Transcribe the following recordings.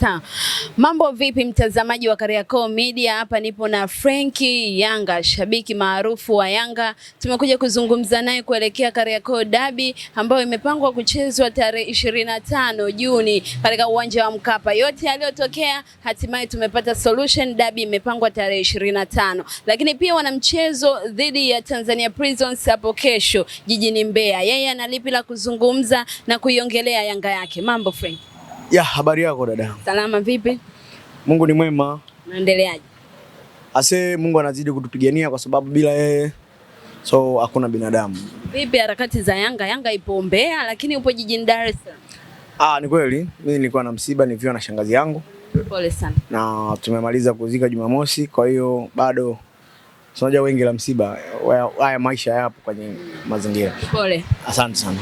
Sasa mambo vipi, mtazamaji wa Kariakoo Media? Hapa nipo na Frenki Yanga, shabiki maarufu wa Yanga. Tumekuja kuzungumza naye kuelekea Kariakoo Dabi ambayo imepangwa kuchezwa tarehe ishirini na tano Juni katika uwanja wa Mkapa. Yote yaliyotokea, hatimaye tumepata solution. Dabi imepangwa tarehe ishirini na tano, lakini pia wana mchezo dhidi ya Tanzania Prisons hapo kesho jijini Mbeya. Yeye ana lipi la kuzungumza na kuiongelea Yanga yake? Mambo Frenki? Ya, habari yako dada? Salama, vipi? Mungu ni mwema. Unaendeleaje? Ase Mungu anazidi kutupigania kwa sababu bila yeye so hakuna binadamu. Vipi harakati za Yanga? Yanga ipo Mbeya lakini upo jijini Dar es Salaam. Ah, ni kweli. Mimi nilikuwa na msiba nilivyo na shangazi yangu. Pole sana. Na tumemaliza kuzika Jumamosi, kwa hiyo bado tunajua wengi la msiba. Haya maisha yapo kwenye mazingira. Pole. Asante sana.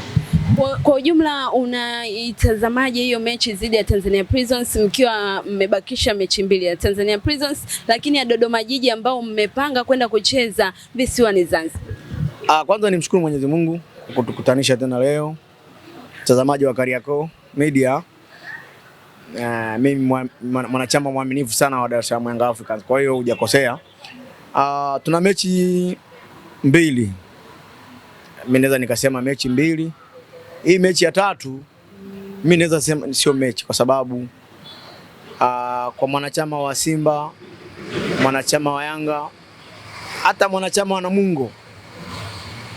Kwa ujumla unaitazamaje hiyo mechi dhidi ya Tanzania Prisons mkiwa mmebakisha mechi mbili ya Tanzania Prisons, lakini ya Dodoma Jiji ambao mmepanga kwenda kucheza visiwani Zanzibar? Ah, kwanza nimshukuru Mwenyezi Mungu kwa kutukutanisha tena leo, mtazamaji wa Kariakoo Media. Uh, mimi mwanachama mwaminifu sana wa Dar es Salaam Young Africans, kwa hiyo hujakosea. Uh, tuna mechi mbili, mimi naweza nikasema mechi mbili hii mechi ya tatu mimi naweza sema sio mechi kwa sababu aa, ah, kwa mwanachama wa Simba, mwanachama wa Yanga, hata mwanachama wa Namungo,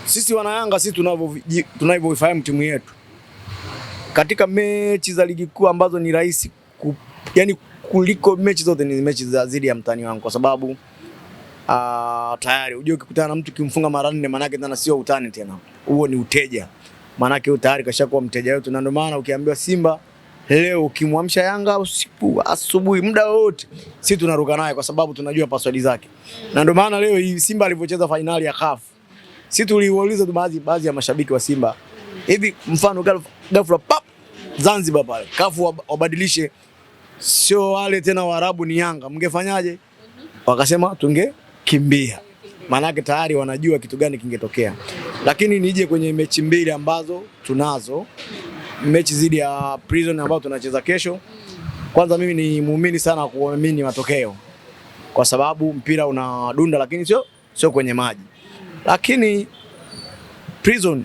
sisi wana Yanga, sisi tunavyo tunavyoifahamu timu yetu katika mechi za ligi kuu ambazo ni rahisi ku, yani kuliko mechi zote ni mechi za zidi ya mtani wangu kwa sababu uh, tayari unajua ukikutana na mtu kimfunga mara nne, maana yake tena sio utani tena, huo ni uteja maanake huyo tayari kashakuwa mteja wetu, na ndio maana ukiambiwa Simba leo ukimwamsha Yanga usiku, asubuhi, muda wote, sisi tunaruka naye kwa sababu tunajua password zake, na ndio maana leo hii Simba alivyocheza fainali ya CAF, sisi tuliuliza tu baadhi baadhi ya mashabiki wa Simba hivi, mfano ghafla pap Zanzibar pale CAF wabadilishe, sio wale tena Waarabu ni Yanga, mngefanyaje? Wakasema tungekimbia, maanake tayari wanajua kitu gani kingetokea. Lakini nije kwenye mechi mbili ambazo tunazo, mechi dhidi ya Prison ambayo tunacheza kesho. Kwanza mimi ni muumini sana kuamini matokeo, kwa sababu mpira unadunda, lakini sio sio kwenye maji. Lakini Prison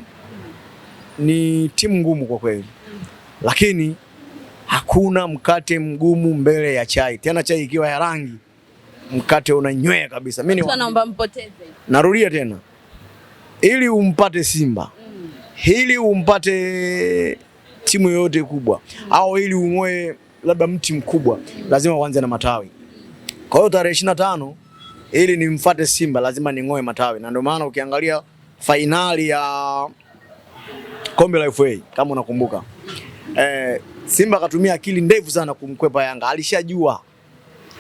ni timu ngumu kwa kweli, lakini hakuna mkate mgumu mbele ya chai, tena chai ikiwa ya rangi, mkate unanywea kabisa. Mimi naomba mpoteze, narudia tena ili umpate Simba ili umpate timu yoyote kubwa au ili ung'oe labda mti mkubwa lazima uanze na matawi. Kwa hiyo tarehe ishirini na tano ili nimfate Simba lazima ning'oe matawi, na ndio maana ukiangalia fainali ya kombe la FA kama unakumbuka eh, Simba akatumia akili ndefu sana kumkwepa Yanga. Alishajua,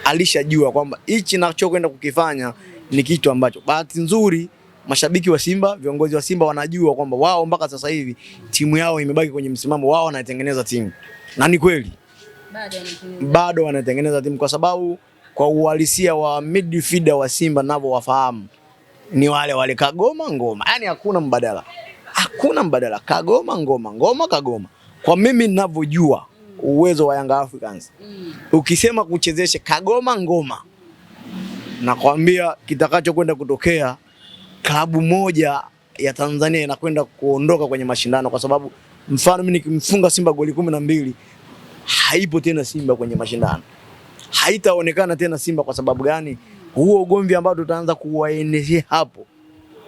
alishajua kwamba hichi nachokwenda kukifanya ni kitu ambacho bahati nzuri mashabiki wa Simba, viongozi wa Simba wanajua kwamba wao mpaka sasa hivi timu yao imebaki kwenye msimamo wao, wanatengeneza timu na ni kweli bado wanatengeneza timu kwa sababu kwa uhalisia wa midfielder wa Simba navyo wafahamu ni wale wale Kagoma Ngoma, yaani hakuna mbadala, hakuna mbadala. Kagoma Ngoma, Ngoma Kagoma. Kwa mimi ninavyojua uwezo wa Yanga Africans, mm. ukisema kuchezeshe Kagoma Ngoma, nakwambia kitakacho kwenda kutokea klabu moja ya Tanzania inakwenda kuondoka kwenye mashindano, kwa sababu mfano mimi nikimfunga Simba goli kumi na mbili haipo tena Simba kwenye mashindano, haitaonekana tena Simba. Kwa sababu gani? Huo ugomvi ambao tutaanza kuwaendeshea hapo.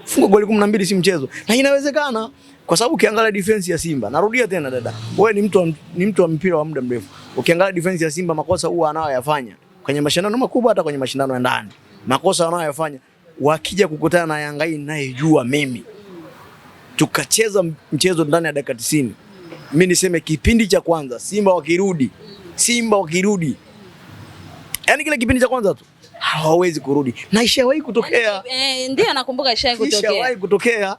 Funga goli kumi na mbili si mchezo, na inawezekana kwa sababu ukiangalia defense ya Simba, narudia tena dada, wewe ni mtu ni mtu wa mpira wa muda mrefu. Ukiangalia defense ya Simba, makosa huwa anayoyafanya kwenye mashindano makubwa, hata kwenye mashindano ya ndani, makosa anayoyafanya wakija kukutana na Yanga hii ninayejua mimi, tukacheza mchezo ndani ya dakika 90, mimi niseme kipindi cha kwanza Simba wakirudi, Simba wakirudi, yani kile kipindi cha kwanza tu hawawezi kurudi, na ishawahi kutokea. Yaani, eh, ndio nakumbuka ishawahi kutokea, ishawahi kutokea,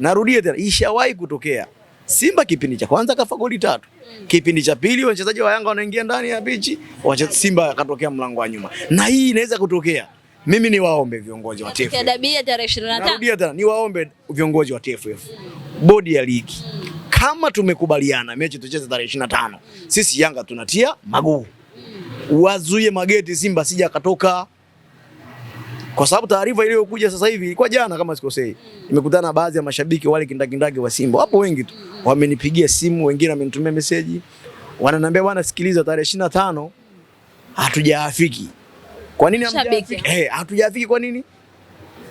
Narudia tena, ishawahi kutokea. Simba kipindi cha kwanza kafa goli tatu. Kipindi cha pili wachezaji wa Yanga wanaingia ndani ya bichi, Simba akatokea mlango wa nyuma, na hii inaweza kutokea. Mimi niwaombe viongozi wa TFF. tarehe 25. Narudia tena niwaombe viongozi wa TFF. Bodi ya ligi. Kama tumekubaliana mechi tucheze tarehe 25. Sisi Yanga tunatia maguu. Wazuie mageti Simba sija katoka, Kwa sababu taarifa iliyokuja sasa hivi ilikuwa jana kama sikosei. Nimekutana baadhi ya mashabiki wale kindakindaki wa Simba. Wapo wengi tu. Wamenipigia simu, wengine wamenitumia meseji. Wananiambia bwana, sikiliza tarehe 25 hatujaafiki. Kwa nini hamjafika? Eh, hatujafika kwa nini?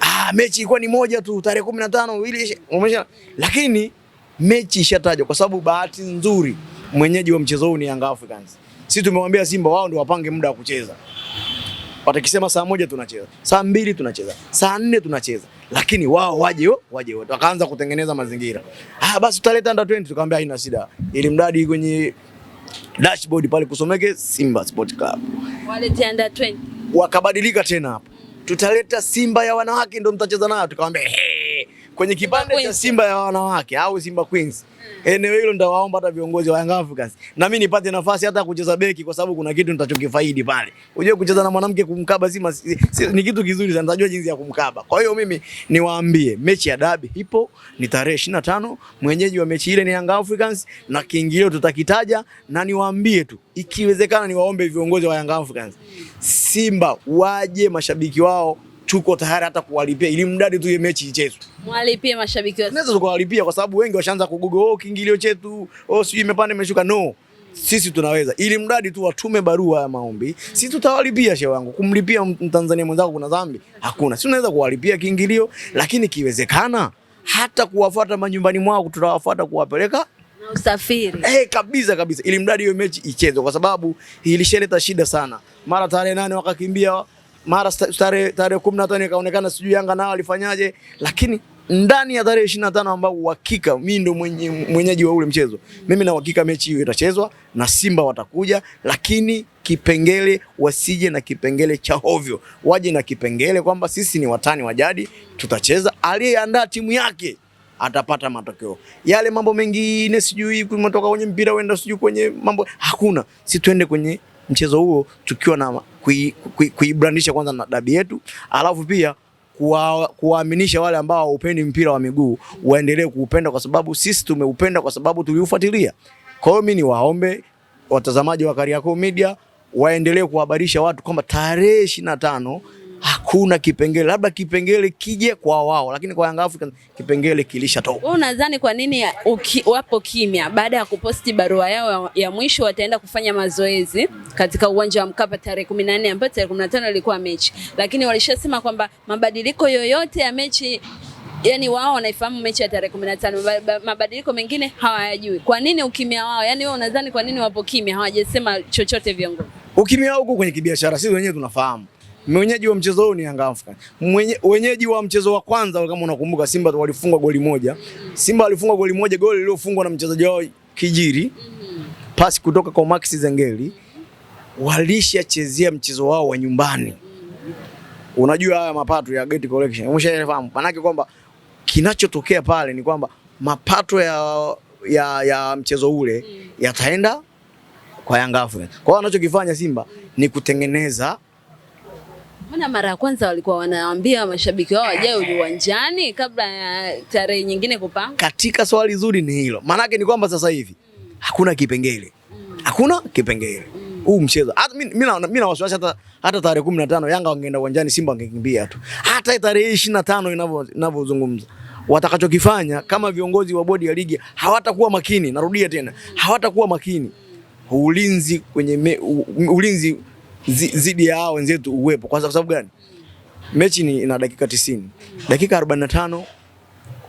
Ah, mechi ilikuwa ni moja tu tarehe 15 ili umesha lakini mechi ishatajwa kwa sababu bahati nzuri mwenyeji wa mchezo huu ni Young Africans. Sisi tumemwambia Simba wao ndio wapange muda wa kucheza. Watakisema saa moja tunacheza, saa mbili tunacheza, saa nne tunacheza, lakini wao waje waje wote wakaanza kutengeneza mazingira. Ah, basi tutaleta under 20, tukamwambia haina shida, ili mradi kwenye dashboard pale kusomeke Simba Sport Club. Wale under 20 wakabadilika tena hapa, tutaleta Simba ya wanawake ndio mtacheza nayo. Tukamwambia kwenye kibanda cha Simba ya wanawake au Simba Queens. Eneo hilo nitawaomba hata viongozi wa Young Africans na mimi nipate nafasi hata kucheza beki, kwa sababu kuna kitu nitachokifaidi pale. Unajua, kucheza na mwanamke kumkaba si, si, ni kitu kizuri sana, nitajua jinsi ya kumkaba. Kwa hiyo mimi niwaambie mechi ya dabi ipo, ni tarehe 25. Mwenyeji wa mechi ile ni Young Africans na kiingilio tutakitaja, na niwaambie tu ikiwezekana, niwaombe viongozi wa Young Africans Simba waje mashabiki wao tuko tayari hata kuwalipia ili mradi tu mechi ichezwe. Mwalipie mashabiki wote. Naweza tukawalipia kwa sababu wengi washaanza kugogo oh, kiingilio chetu, oh, sijui imepanda imeshuka. No. Sisi tunaweza ili mradi tu watume barua ya maombi, sisi tutawalipia. Shehe wangu, kumlipia Mtanzania mwenzako kuna dhambi? Hakuna. Si unaweza kuwalipia kiingilio, lakini kiwezekana hata kuwafuata manyumbani mwao, tutawafuata kuwapeleka na usafiri. Eh, kabisa kabisa, ili mradi hiyo mechi ichezwe, kwa sababu ilishaleta shida sana, mara tarehe nane wakakimbia mara tarehe na tano nikaonekana sijui Yanga nao alifanyaje, lakini ndani ya tarehe 25 ambao uhakika mimi ndo mwenye, mwenyeji wa ule mchezo, mimi na uhakika mechi hiyo itachezwa na Simba watakuja, lakini kipengele wasije na kipengele cha hovyo, waje na kipengele kwamba sisi ni watani wa jadi, tutacheza. Aliyeandaa timu yake atapata matokeo yale. Mambo mengine sijui kumetoka kwenye mpira, wenda sijui kwenye mambo, hakuna si tuende kwenye mchezo huo tukiwa na kuibrandisha kui, kui kwanza na dabi yetu, alafu pia kuwaaminisha wale ambao haupendi mpira wa miguu waendelee kuupenda, kwa sababu sisi tumeupenda, kwa sababu tuliufuatilia. Kwa hiyo mimi niwaombe watazamaji wa Kariakoo Media waendelee kuhabarisha watu kwamba tarehe ishirini na tano hakuna kipengele, labda kipengele kije kwa wao, lakini kwa Young Africans kipengele kilisha toka. Wewe unadhani kwa nini uki, wapo kimya? Baada ya kuposti barua yao ya mwisho, wataenda kufanya mazoezi katika uwanja wa Mkapa tarehe 14 ambapo tarehe 15 ilikuwa mechi, lakini walishasema kwamba mabadiliko yoyote ya mechi yani wao wanaifahamu mechi ya tarehe 15, mabadiliko mengine hawayajui. Kwa nini ukimya wao? Yani wewe unadhani kwa nini wapo kimya, hawajasema chochote viongozi? Ukimya wao huko kwenye kibiashara, sisi wenyewe tunafahamu mwenyeji wa mchezo huu ni Young Africans. Wenyeji wa mchezo wa kwanza kama unakumbuka, Simba walifungwa goli moja. Simba walifungwa goli moja, goli lililofungwa na mchezaji wao Kijiri, pasi kutoka kwa Max Zengeli. Walishachezea mchezo wao wa nyumbani. Unajua haya mapato ya gate collection, umeshafahamu. Maanake kwamba kinachotokea pale ni kwamba mapato ya, ya, ya mchezo ule yataenda kwa Yanga Africans. Kwa hiyo anachokifanya Simba ni kutengeneza Mbona mara ya kwanza walikuwa wanawaambia mashabiki wao wajae uwanjani kabla ya tarehe nyingine kupanga? Katika swali zuri ni hilo, maanake ni kwamba sasa hivi hakuna kipengele hakuna kipengele mm. huu mm. mchezo hata mimi na wasiwasi hata, hata tarehe 15 Yanga wangeenda uwanjani, Simba wangekimbia tu. Hata tarehe 25 na inavyozungumza watakachokifanya kama viongozi wa bodi ya ligi hawatakuwa makini. Narudia tena, hawatakuwa makini. Ulinzi kwenye me, u, ulinzi zidi ya hao wenzetu uwepo. kwa sababu gani? Mechi ni ina dakika 90. Dakika 45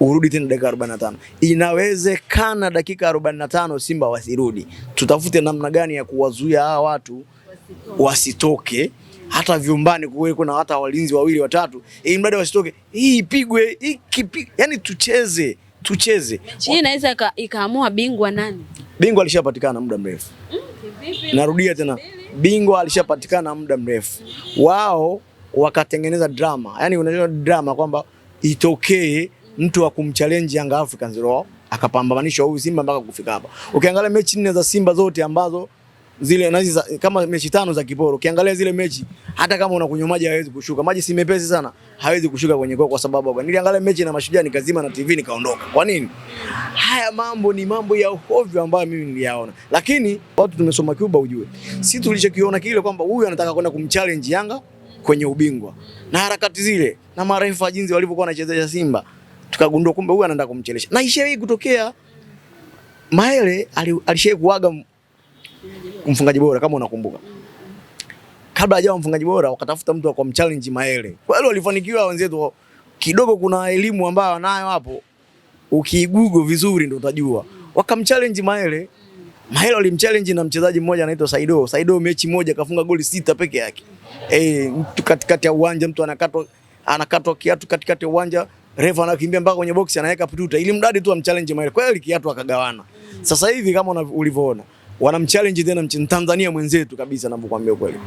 urudi tena dakika 45. Inawezekana dakika 45 Simba wasirudi. Tutafute namna gani ya kuwazuia hao watu wasitoke hata vyumbani kuwe kuna hata walinzi wawili watatu, ili mradi wasitoke, hii ipigwe hii, yani tucheze tucheze. Mechi Hii inaweza ikaamua bingwa nani? Bingwa alishapatikana muda mrefu. Mm, Narudia tena bingwa bingwa alishapatikana muda mrefu, wao wakatengeneza drama, yani unajua drama kwamba itokee mtu wa kumchallenge Young Africans, roho akapambanishwa huyu Simba mpaka kufika hapa. Ukiangalia mechi nne za Simba zote ambazo zile nazi za, kama mechi tano za kiporo ukiangalia zile mechi, hata kama unakunywa maji hawezi kushuka. Maji si mepesi sana, hawezi kushuka kwenye kwa, kwa sababu hapa niliangalia mechi na Mashujaa nikazima na TV nikaondoka. Kwa nini? Haya mambo ni mambo ya ovyo ambayo mimi niliyaona, lakini watu tumesoma Cuba, ujue si tulichokiona kile kwamba huyu anataka kwenda kumchallenge Yanga kwenye ubingwa na harakati zile na marefa jinsi walivyokuwa wanachezesha Simba, tukagundua kumbe huyu anaenda kumchelesha na ishe hii kutokea. Maele alishawahi kuaga mfungaji bora kama unakumbuka. Kabla hajawa mfungaji bora wakatafuta mtu kwa mchallenge Maele. Kwa hiyo walifanikiwa wenzetu kidogo, kuna elimu ambayo wanayo hapo, ukigugo vizuri ndio utajua. Wakamchallenge Maele. Maele walimchallenge na mchezaji mmoja anaitwa Saido. Saido mechi moja kafunga goli sita peke yake. Eh, mtu katikati ya uwanja mtu anakatwa anakatwa kiatu katikati ya uwanja refa anakimbia mpaka kwenye box anaweka pututa ili mradi tu amchallenge Maele. Kweli kiatu akagawana. Sasa hivi kama ulivyoona wanamchallenge tena mchini Tanzania mwenzetu kabisa, nakwambia kweli.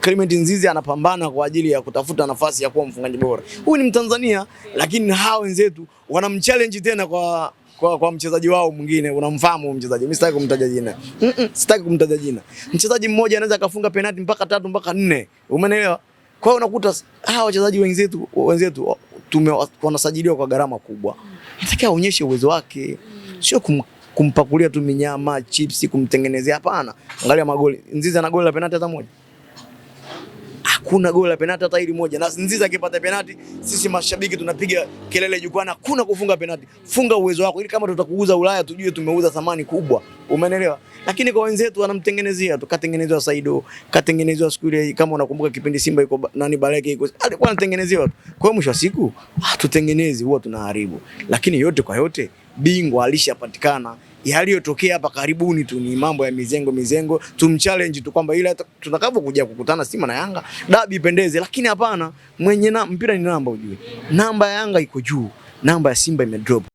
Clement Nzizi anapambana kwa ajili ya kutafuta nafasi ya kuwa mfungaji bora. Huyu ni Mtanzania, lakini hawa wenzetu wanamchallenge tena kwa kwa, kwa mchezaji wao mwingine, unamfahamu huyo mchezaji, mimi sitaki kumtaja jina mm -mm, sitaki kumtaja jina. Mchezaji mmoja anaweza akafunga penalti mpaka tatu mpaka nne, umeelewa? Kwa hiyo unakuta hawa wachezaji wenzetu wenzetu tumewasajiliwa kwa gharama kubwa, nataka aonyeshe uwezo wake, sio kum kumpakulia tu minyama chipsi kumtengenezea, hapana. Angalia magoli, Nzizi ana goli la penalti hata moja hakuna goli la penalti hata hili moja, na Nziza akipata penati, sisi mashabiki tunapiga kelele jukwani, hakuna kufunga penati. Funga uwezo wako, ili kama tutakuuza Ulaya tujue tumeuza thamani kubwa, umeelewa? Lakini kwa wenzetu wanamtengenezea tu, katengenezewa Saido, katengenezewa siku ile, kama unakumbuka kipindi Simba yuko nani, Baleke iko, alikuwa anatengenezewa tu. Kwa hiyo mwisho wa siku hatutengenezi, ah, huwa tunaharibu, lakini yote kwa yote bingwa alishapatikana yaliyotokea hapa karibuni tu ni mambo ya mizengo mizengo, tumchallenge tu kwamba ile tutakavyokuja kukutana Simba na Yanga dabi ipendeze, lakini hapana, mwenye na, mpira ni namba, ujue namba ya Yanga iko juu, namba ya Simba imedrop.